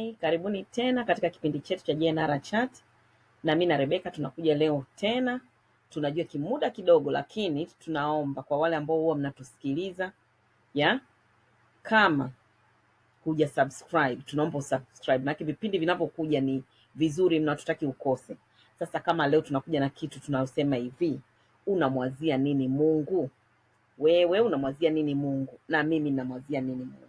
hai, karibuni tena katika kipindi chetu cha JNR Chat na mimi na Rebeka tunakuja leo tena. Tunajua kimuda kidogo, lakini tunaomba kwa wale ambao huwa mnatusikiliza ya kama huja subscribe, tunaomba usubscribe, maana vipindi vinavyokuja ni vizuri mna tutaki ukose. Sasa kama leo tunakuja na kitu tunayosema hivi, unamwazia nini Mungu? Wewe unamwazia nini Mungu? Na mimi namwazia nini Mungu?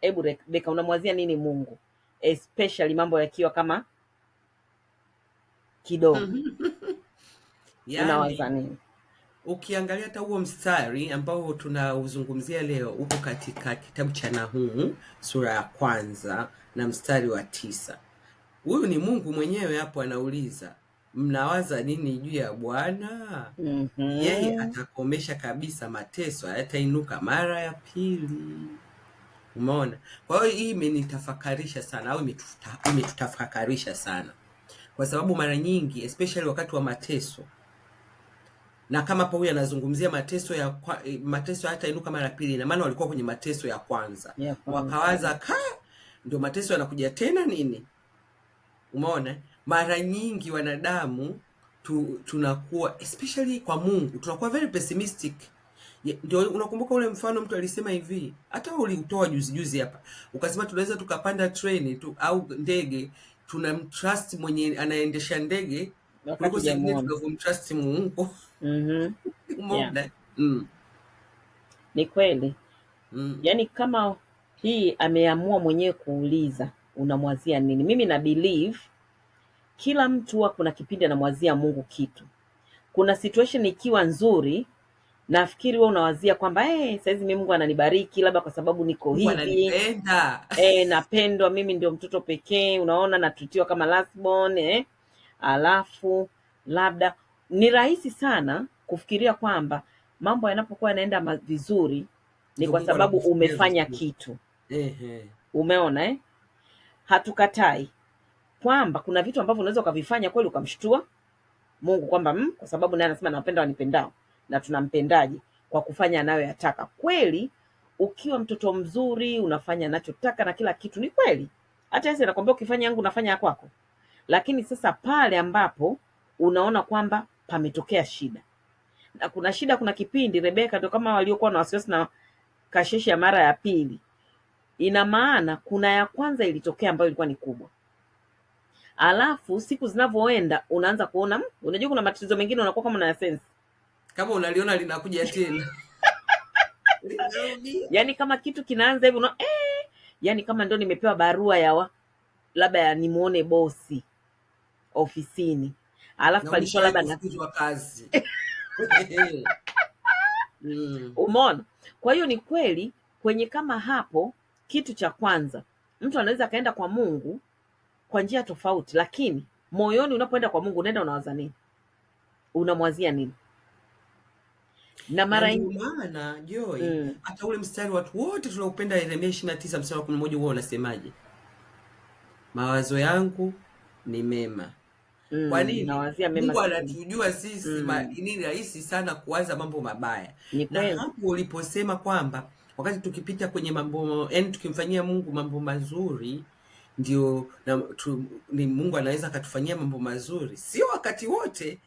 Hebu Rebeka, unamwazia nini Mungu? especially mambo yakiwa kama kidogo yani, unawaza nini? Ukiangalia hata huo mstari ambao tunauzungumzia leo upo katika kitabu cha Nahumu sura ya kwanza na mstari wa tisa. Huyu ni Mungu mwenyewe hapo anauliza mnawaza nini juu ya Bwana? mm -hmm. Yeye atakomesha kabisa mateso, hayatainuka mara ya pili. Umeona? Kwa hiyo hii imenitafakarisha sana au imetutafakarisha sana, kwa sababu mara nyingi especially wakati wa mateso, na kama hapa huyu anazungumzia mateso ya eh, mateso hata inuka mara pili, na maana walikuwa kwenye mateso ya kwanza, yeah, wakawaza ka ndio mateso yanakuja tena nini? Umeona, mara nyingi wanadamu tu, tunakuwa especially kwa Mungu tunakuwa very pessimistic ndio unakumbuka ule mfano mtu alisema hivi, hata uliutoa juzi juzi hapa, ukasema tunaweza tukapanda treni tu au ndege, tunamtrust mwenye anaendesha ndege kuliko zingine tunavyomtrust Mungu. Mhm. Yeah. Mm. Ni kweli. Mm. Yaani kama hii ameamua mwenyewe kuuliza unamwazia nini? Mimi na believe kila mtu huwa kuna kipindi anamwazia Mungu kitu. Kuna situation ikiwa nzuri nafikiri wewe unawazia kwamba hey, eh, saizi mimi Mungu ananibariki labda kwa sababu niko hivi eh, napendwa mimi ndio mtoto pekee, unaona natutiwa kama last born eh. Alafu labda ni rahisi sana kufikiria kwamba mambo yanapokuwa yanaenda vizuri ni kwa sababu umefanya kitu Umeona eh? Hatukatai kwamba kuna vitu ambavyo unaweza ukavifanya kweli ukamshtua Mungu kwamba mm, kwa sababu naye anasema nawapenda wanipendao na tunampendaje kwa kufanya anayoyataka. Kweli ukiwa mtoto mzuri unafanya anachotaka na kila kitu, ni kweli. Hata Yesu anakwambia ukifanya yangu unafanya ya kwako. Lakini sasa pale ambapo unaona kwamba pametokea shida na kuna shida, kuna kipindi Rebeka ndio kama waliokuwa na wasiwasi na ya mara ya pili, ina maana kuna ya kwanza ilitokea ambayo ilikuwa ni kubwa alafu siku zinavyoenda unaanza kuona hmm, unajua, kuna matatizo mengine unakuwa kama na sense kama unaliona linakuja tena yani kama kitu kinaanza hivi una eh, yani kama ndo nimepewa barua ya labda ya nimuone bosi ofisini, alafu palisho labda nafukuzwa kazi mm. Umeona? Kwa hiyo ni kweli kwenye kama hapo, kitu cha kwanza mtu anaweza akaenda kwa Mungu kwa njia tofauti, lakini moyoni unapoenda kwa Mungu unaenda unawaza nini? Unamwazia nini? na mara nyingi maana Joy mm. hata ule mstari watu wote tunaupenda Yeremia 29 mstari wa 11 huo unasemaje? Mawazo yangu ni mema. Mm, kwa nini? Mungu anatujua sisi mm. ni rahisi sana kuanza mambo mabaya. Na hapo uliposema kwamba wakati tukipita kwenye mambo yani, tukimfanyia Mungu mambo mazuri ndio na, tu, ni Mungu anaweza akatufanyia mambo mazuri, sio wakati wote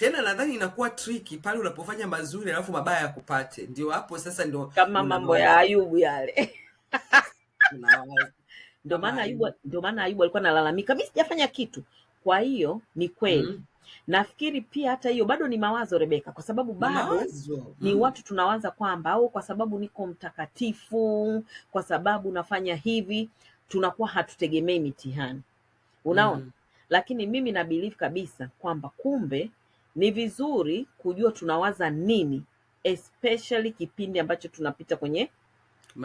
tena nadhani inakuwa triki pale unapofanya mazuri alafu mabaya yakupate, ndio hapo sasa, ndio kama mambo ya Ayubu yale ndio maana Ayubu, ndio maana Ayubu alikuwa analalamika, mimi sijafanya kitu. Kwa hiyo ni kweli mm Nafikiri pia hata hiyo bado ni mawazo Rebeka, kwa sababu bado mawazo. Ni mm-hmm. watu tunawaza kwamba au kwa sababu niko mtakatifu, kwa sababu nafanya hivi, tunakuwa hatutegemei mitihani, unaona mm Lakini mimi na believe kabisa kwamba kumbe ni vizuri kujua tunawaza nini especially kipindi ambacho tunapita kwenye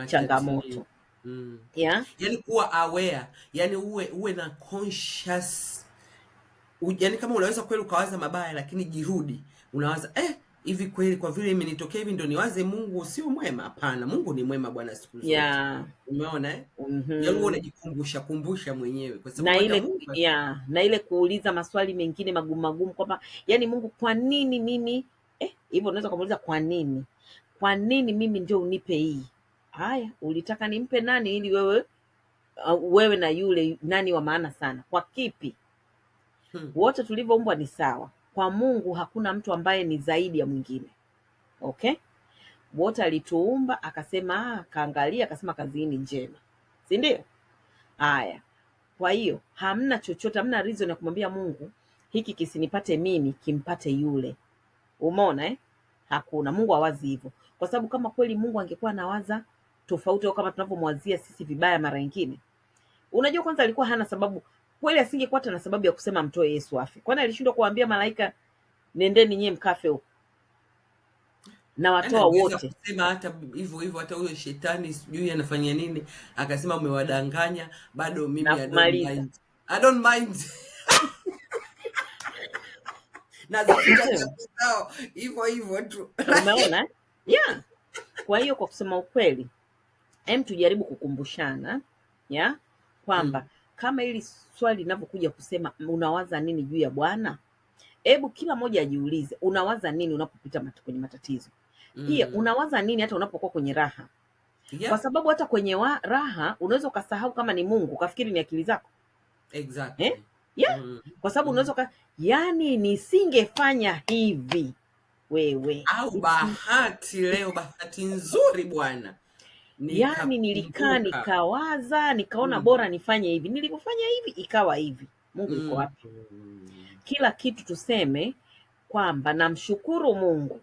changamoto mm. yeah? Yani kuwa aware, yani uwe uwe na conscious yani kama unaweza kweli ukawaza mabaya, lakini jirudi unawaza eh, hivi kweli, kwa vile imenitokea hivi ndo niwaze Mungu sio mwema? Hapana, Mungu ni mwema bwana siku zote yeah. Umeona eh? mm -hmm. Unajikumbusha kumbusha mwenyewe kwa sababu na ile yeah, na ile kuuliza maswali mengine magumu magumu kwamba yani Mungu kwa nini mimi eh, hivyo eh, unaweza kumuuliza kwa nini, kwa nini mimi ndio unipe hii? Haya, ulitaka nimpe nani ili wewe uh, wewe na yule nani wa maana sana kwa kipi? hmm. Wote tulivyoumbwa ni sawa kwa Mungu hakuna mtu ambaye ni zaidi ya mwingine. Okay? Wote alituumba akasema, ah, kaangalia akasema kazi hii ni njema, si ndio? Haya, kwa hiyo hamna chochote, hamna reason ya kumwambia Mungu hiki kisinipate mimi, kimpate yule. Umeona eh? Hakuna. Mungu hawazi hivyo, kwa sababu kama kweli Mungu angekuwa anawaza tofauti au kama tunavyomwazia sisi vibaya mara nyingine, unajua, kwanza alikuwa hana sababu kweli asingekuwa hata na sababu ya kusema mtoe Yesu afe, kwani alishindwa kuambia malaika nendeni nyie mkafe huko na yaani watoa wote. Sema hata hivyo hivyo, hata huyo shetani sijui anafanya nini, akasema umewadanganya, bado mimi I don't mind, I don't mind nazao hivyo hivyo tu umeona yeah. Kwa hiyo kwa kusema ukweli, hem, tujaribu kukumbushana ya yeah, kwamba hmm kama hili swali linavyokuja kusema unawaza nini juu ya Bwana, hebu kila mmoja ajiulize unawaza nini unapopita mat kwenye matatizo mm. Pia unawaza nini hata unapokuwa kwenye raha yeah. Kwa sababu hata kwenye wa, raha unaweza ukasahau kama ni Mungu ukafikiri ni akili zako exactly. eh? yeah. mm. Kwa sababu mm. unaweza ka... yani nisingefanya hivi wewe au bahati leo bahati nzuri bwana yani nilikaa nikawaza nikaona mm. bora nifanye hivi, nilivyofanya hivi ikawa hivi. Mungu mm. yuko wapi? Kila kitu tuseme kwamba namshukuru Mungu.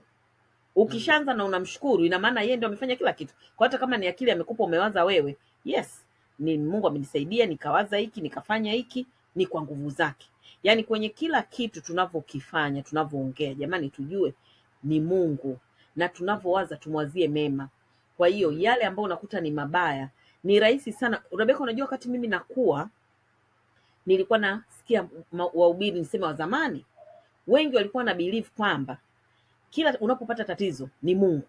Ukishaanza na unamshukuru, ina maana yeye ndio amefanya kila kitu. Kwa hata kama ni akili amekupa umewaza wewe, yes, ni Mungu amenisaidia nikawaza hiki nikafanya hiki, ni kwa nguvu zake. Yaani kwenye kila kitu tunavyokifanya, tunavyoongea, jamani, tujue ni Mungu na tunavyowaza tumwazie mema. Kwa hiyo yale ambayo unakuta ni mabaya ni rahisi sana. Rebeka, unajua wakati mimi nakuwa nilikuwa nasikia wahubiri niseme wa zamani, wengi walikuwa na believe kwamba kila unapopata tatizo ni Mungu.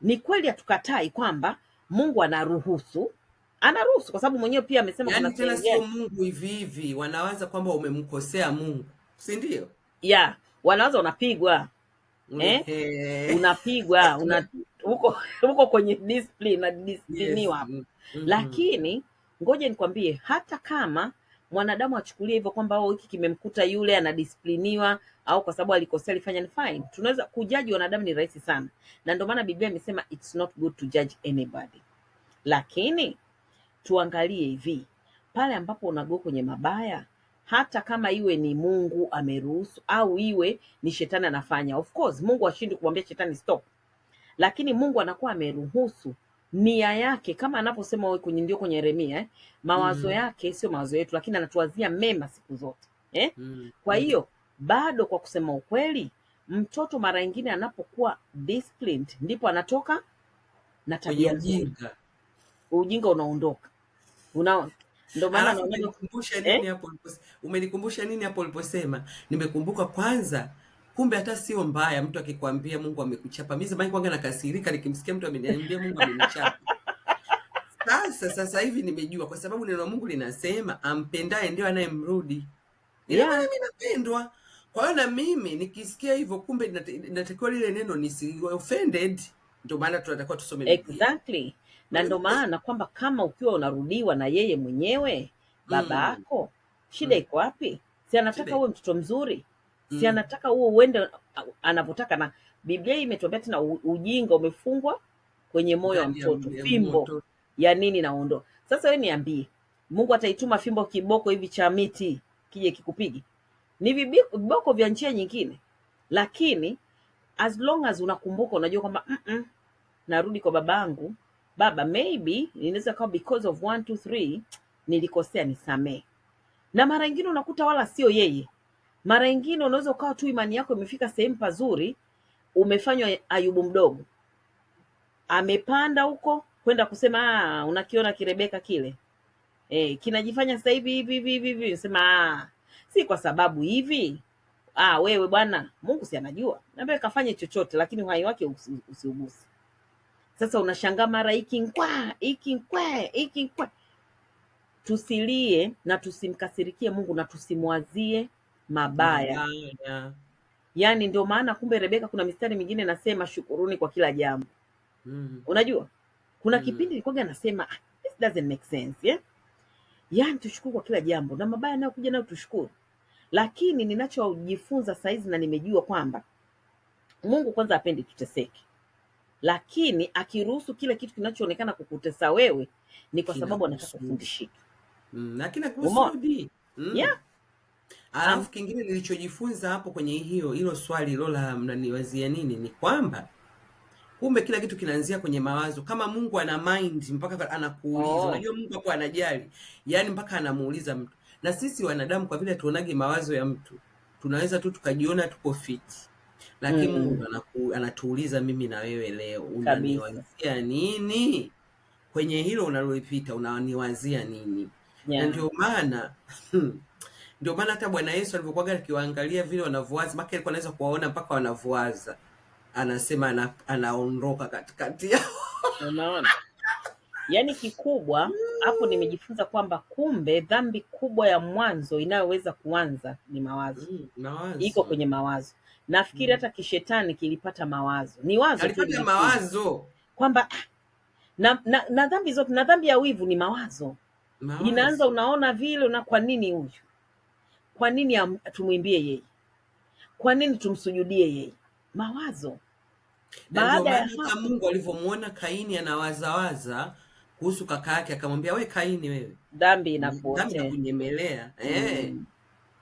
Ni kweli, hatukatai kwamba Mungu anaruhusu anaruhusu kwa sababu mwenyewe pia amesema yani, tena sio Mungu hivi hivi, wanawaza kwamba umemkosea Mungu, si ndio? Yeah, wanawaza wanapigwa Eh? eh? unapigwa una huko huko kwenye discipline na disipliniwa yes. mm -hmm. Lakini ngoja nikwambie, hata kama mwanadamu achukulie hivyo kwamba oh, hiki kimemkuta yule anadisipliniwa au kwa sababu alikosea alifanya ni fine. Tunaweza kujaji wanadamu ni rahisi sana, na ndio maana Biblia imesema it's not good to judge anybody, lakini tuangalie hivi pale ambapo unagua kwenye mabaya hata kama iwe ni Mungu ameruhusu au iwe ni shetani anafanya. Of course Mungu hashindi kumwambia shetani stop, lakini Mungu anakuwa ameruhusu nia yake, kama anavyosema ndio kwenye Yeremia eh? mawazo mm. yake sio mawazo yetu, lakini anatuwazia mema siku zote eh? mm. kwa mm. hiyo bado kwa kusema ukweli, mtoto mara nyingine anapokuwa disciplined ndipo anatoka na tabia nzuri, ujinga unaondoka. Una, ndio maana umenikumbusha eh? nini hapo eh? Umenikumbusha nini hapo uliposema? Nimekumbuka kwanza, kumbe hata sio mbaya mtu akikwambia Mungu amekuchapa. Mimi zamani kwanga nakasirika nikimsikia mtu ameniambia Mungu amenichapa. Sasa sasa hivi nimejua, kwa sababu neno la Mungu linasema ampendaye ndio anayemrudi. Ile maana mimi napendwa. Kwa hiyo na mimi nikisikia hivyo, kumbe natakiwa lile neno nisi offended. Ndio maana tunatakiwa tusome Biblia na ndo maana kwamba kama ukiwa unarudiwa na yeye mwenyewe baba mm. yako, shida mm. iko wapi? Si anataka uwe mtoto mzuri, si mm. anataka uwe uende anavyotaka. Na Biblia imetuambia tena, ujinga umefungwa kwenye moyo wa mtoto, fimbo ya nini naondo Sasa wewe niambie, Mungu ataituma fimbo kiboko hivi cha miti kije kikupigi Ni viboko vya njia nyingine, lakini as long as unakumbuka, unajua kwamba narudi kwa babangu baba, maybe inaweza kuwa because of one two three nilikosea, nisamee. Na mara nyingine unakuta wala sio yeye, mara nyingine unaweza ukawa tu imani yako imefika sehemu pazuri, umefanywa Ayubu mdogo, amepanda huko kwenda kusema ah, unakiona kirebeka kile eh, kinajifanya sasa hivi hivi hivi hivi, sema ah, si kwa sababu hivi Ah, wewe bwana, Mungu si anajua, naambia kafanye chochote, lakini uhai wake usiugusi. Sasa unashangaa mara hiki nkwa hiki nkwe hiki nkwe. Tusilie na tusimkasirikie Mungu na tusimwazie mabaya. Mabaya. Yaani ndio maana kumbe, Rebeka, kuna mistari mingine nasema shukuruni kwa kila jambo. Mm. Unajua kuna mm. kipindi nilikuwa nasema ah, this doesn't make sense yeah? Yaani tushukuru kwa kila jambo na mabaya anayokuja nayo tushukuru, lakini ninachojifunza saizi na nimejua kwamba Mungu kwanza apendi tuteseke lakini akiruhusu kile kitu kinachoonekana kukutesa wewe ni kwa sababu anataka kufundishika. Mm, lakini mm. Alafu kingine nilichojifunza hapo kwenye hiyo hilo swali hilo la mnaniwazia nini ni kwamba kumbe kila kitu kinaanzia kwenye mawazo. Kama Mungu ana mind mpaka anakuuliza, oh. unajua oh. Mungu hapo anajali, yani mpaka anamuuliza mtu. Na sisi wanadamu kwa vile tuonage mawazo ya mtu tunaweza tu tukajiona tuko fiti lakini mm. Mungu anaku, anatuuliza mimi na wewe leo, unaniwazia nini kwenye hilo unalolipita, unaniwazia nini? yeah. na ndio maana ndio maana hata Bwana Yesu alivyokuwaga akiwaangalia vile wanavyowaza, maki alikuwa anaweza kuwaona mpaka wanavyowaza, anasema ana, anaondoka katikati yao unaona yaani kikubwa hapo nimejifunza kwamba kumbe dhambi kubwa ya mwanzo inayoweza kuanza ni mawazo. Mm, mawazo iko kwenye mawazo nafikiri mm. hata kishetani kilipata mawazo, ni wazo alipata mawazo kwamba ah, na, na, na dhambi zote na dhambi ya wivu ni mawazo, mawazo. Inaanza unaona vile na kwa nini huyu, kwa nini tumwimbie yeye, kwa nini tumsujudie yeye, mawazo. Baada ya Mungu alivyomwona Kaini anawazawaza kuhusu kaka yake, akamwambia we Kaini, wewe dhambi inakuonea, dhambi inakunyemelea. Eh, mm.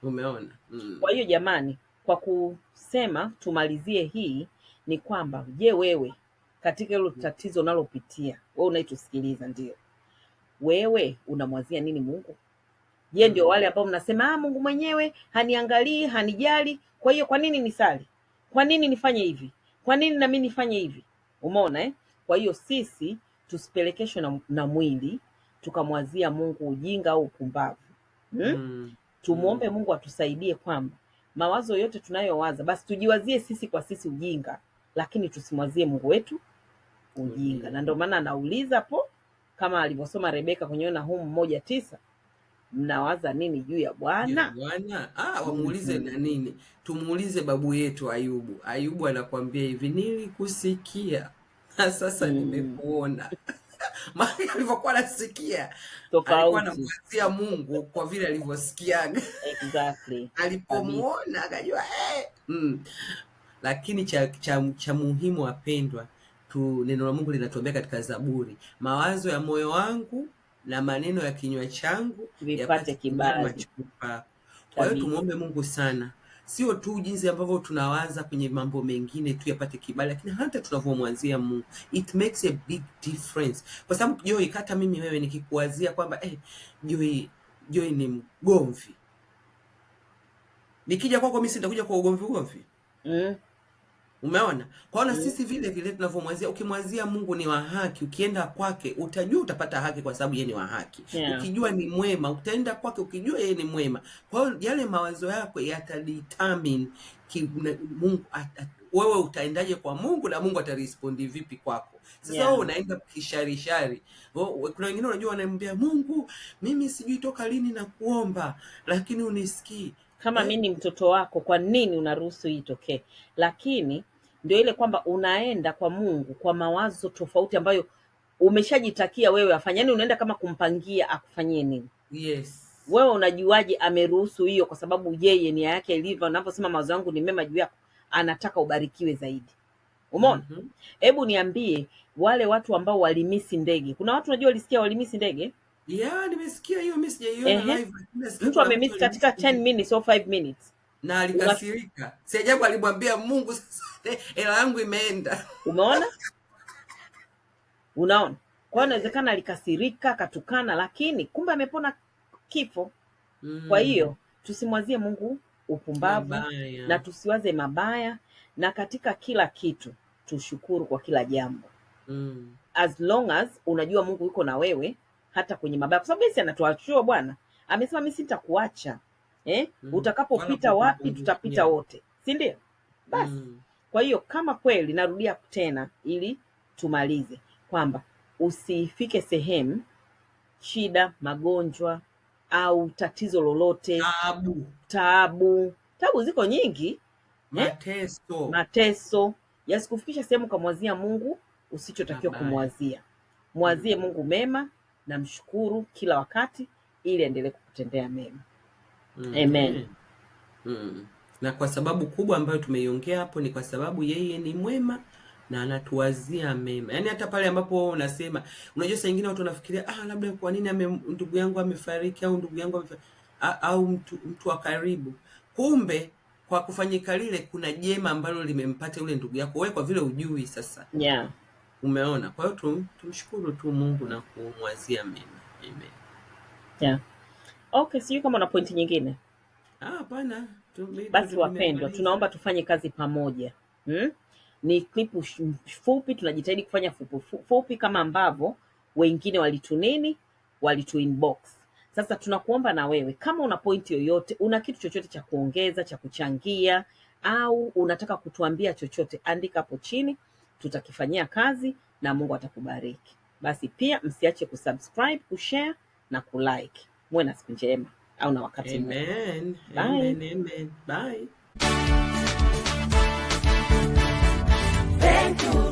umeona? Mm. Kwa hiyo jamani, kwa ku nasema tumalizie hii ni kwamba, je, wewe katika hilo tatizo unalopitia wewe unaitusikiliza, ndio wewe unamwazia nini Mungu? Je, ndio wale ambao mnasema ah, Mungu mwenyewe haniangalii hanijali, kwa hiyo kwa nini nisali? Kwa nini nifanye hivi? Kwa nini na mimi nifanye hivi? Umeona eh? Kwa hiyo sisi tusipelekeshwe na, na mwili tukamwazia Mungu ujinga au upumbavu hmm? hmm. Tumwombe Mungu atusaidie kwamba mawazo yote tunayowaza, basi tujiwazie sisi kwa sisi ujinga, lakini tusimwazie Mungu wetu ujinga. Na ndio maana anauliza po kama alivyosoma Rebeka kwenye Nahumu moja tisa mnawaza nini juu ya Bwana? Bwana ah, wamuulize mm -hmm. na nini? Tumuulize babu yetu Ayubu. Ayubu anakuambia hivi, nilikusikia na sasa mm. nimekuona maana alivyokuwa anasikia alikuwa anamwazia Mungu kwa vile alivyosikiaga exactly. alipomwona akajua hey. Eh, mm. Lakini cha, cha, cha muhimu wapendwa tu, neno la Mungu linatuambia katika Zaburi, mawazo ya moyo wangu na maneno ya kinywa changu yapate kibali. Kwa hiyo tumwombe Mungu sana sio tu jinsi ambavyo tunawaza kwenye mambo mengine tu yapate kibali, lakini hata tunavyomwazia Mungu, it makes a big difference, kwa sababu Joy, hata mimi wewe nikikuwazia kwamba eh, Joy Joy ni mgomvi, nikija kwako mimi sitakuja kwa ugomvi ugomvi eh. Umeona? Kwaona mm. sisi vile vile tunavyomwazia, ukimwazia Mungu ni wa haki, ukienda kwake utajua utapata haki kwa sababu yeye ni wa haki. Yeah. Ukijua ni mwema, utaenda kwake ukijua yeye ni mwema. Kwa hiyo yale mawazo yako yatadetermine Mungu at, at, wewe utaendaje kwa Mungu na Mungu atarespondi vipi kwako. Sasa wewe yeah, unaenda kisharishari. Kuna wengine unajua wanamwambia Mungu, mimi sijui toka lini na kuomba lakini unisikii. Kama eh? mimi ni mtoto wako, kwa nini unaruhusu hii itokee? Lakini ndio ile kwamba unaenda kwa Mungu kwa mawazo tofauti ambayo umeshajitakia wewe afanye, yani unaenda kama kumpangia akufanyie nini. Yes. Wewe unajuaje ameruhusu hiyo? Kwa sababu yeye nia yake ilivyo, anaposema mawazo yangu ni mema juu yako, anataka ubarikiwe zaidi. Umeona? mm -hmm. Hebu niambie wale watu ambao walimisi ndege, kuna watu unajua walisikia walimisi ndege yeah, nimesikia hiyo, live. Mtu amemisi katika 10 minutes au 5 minutes na alikasirika, si ajabu alimwambia Mungu, hela yangu imeenda. Umeona, unaona. Kwa hiyo inawezekana alikasirika, akatukana, lakini kumbe amepona kifo. Kwa mm. hiyo tusimwazie Mungu upumbavu mabaya, na tusiwaze mabaya, na katika kila kitu tushukuru kwa kila jambo. Mm. As long as unajua Mungu yuko na wewe hata kwenye mabaya, kwa sababu yeye anatuachua. Bwana amesema mimi sitakuacha eh? mm. utakapopita wapi tutapita wote, si ndio? Basi mm. kwa hiyo kama kweli, narudia tena ili tumalize kwamba usifike sehemu shida, magonjwa au tatizo lolote, taabu taabu, taabu ziko nyingi, eh? mateso eh? mateso yasikufikisha sehemu ukamwazia Mungu usichotakiwa kumwazia. Mwazie mm. Mungu mema na mshukuru kila wakati, ili aendelee kukutendea mema. Mm. Amen. Mm. Na kwa sababu kubwa ambayo tumeiongea hapo ni kwa sababu yeye ni mwema na anatuwazia mema. Yaani hata pale ambapo unasema, unajua saa nyingine watu wanafikiria ah, labda kwa nini ndugu yangu amefariki au ndugu yangu au mtu, mtu wa karibu. Kumbe kwa kufanyika lile kuna jema ambalo limempata yule ndugu yako, wewe kwa vile ujui sasa. Yeah. Umeona? Kwa hiyo tumshukuru tu Mungu na kumwazia mema. Amen. Yeah. Okay, sijui kama una pointi nyingine. Ah, hapana. Basi wapendwa, tunaomba tufanye kazi pamoja hmm? Ni klipu fupi, tunajitahidi kufanya fupi, fupi kama ambavyo wengine walitu nini walitu inbox. Sasa tunakuomba na wewe, kama una pointi yoyote, una kitu chochote cha kuongeza, cha kuchangia, au unataka kutuambia chochote, andika hapo chini, tutakifanyia kazi na Mungu atakubariki. Basi pia msiache kusubscribe, kushare na kulike muwe na siku njema au na wakati mwema. Amen, amen. Bye. Thank you.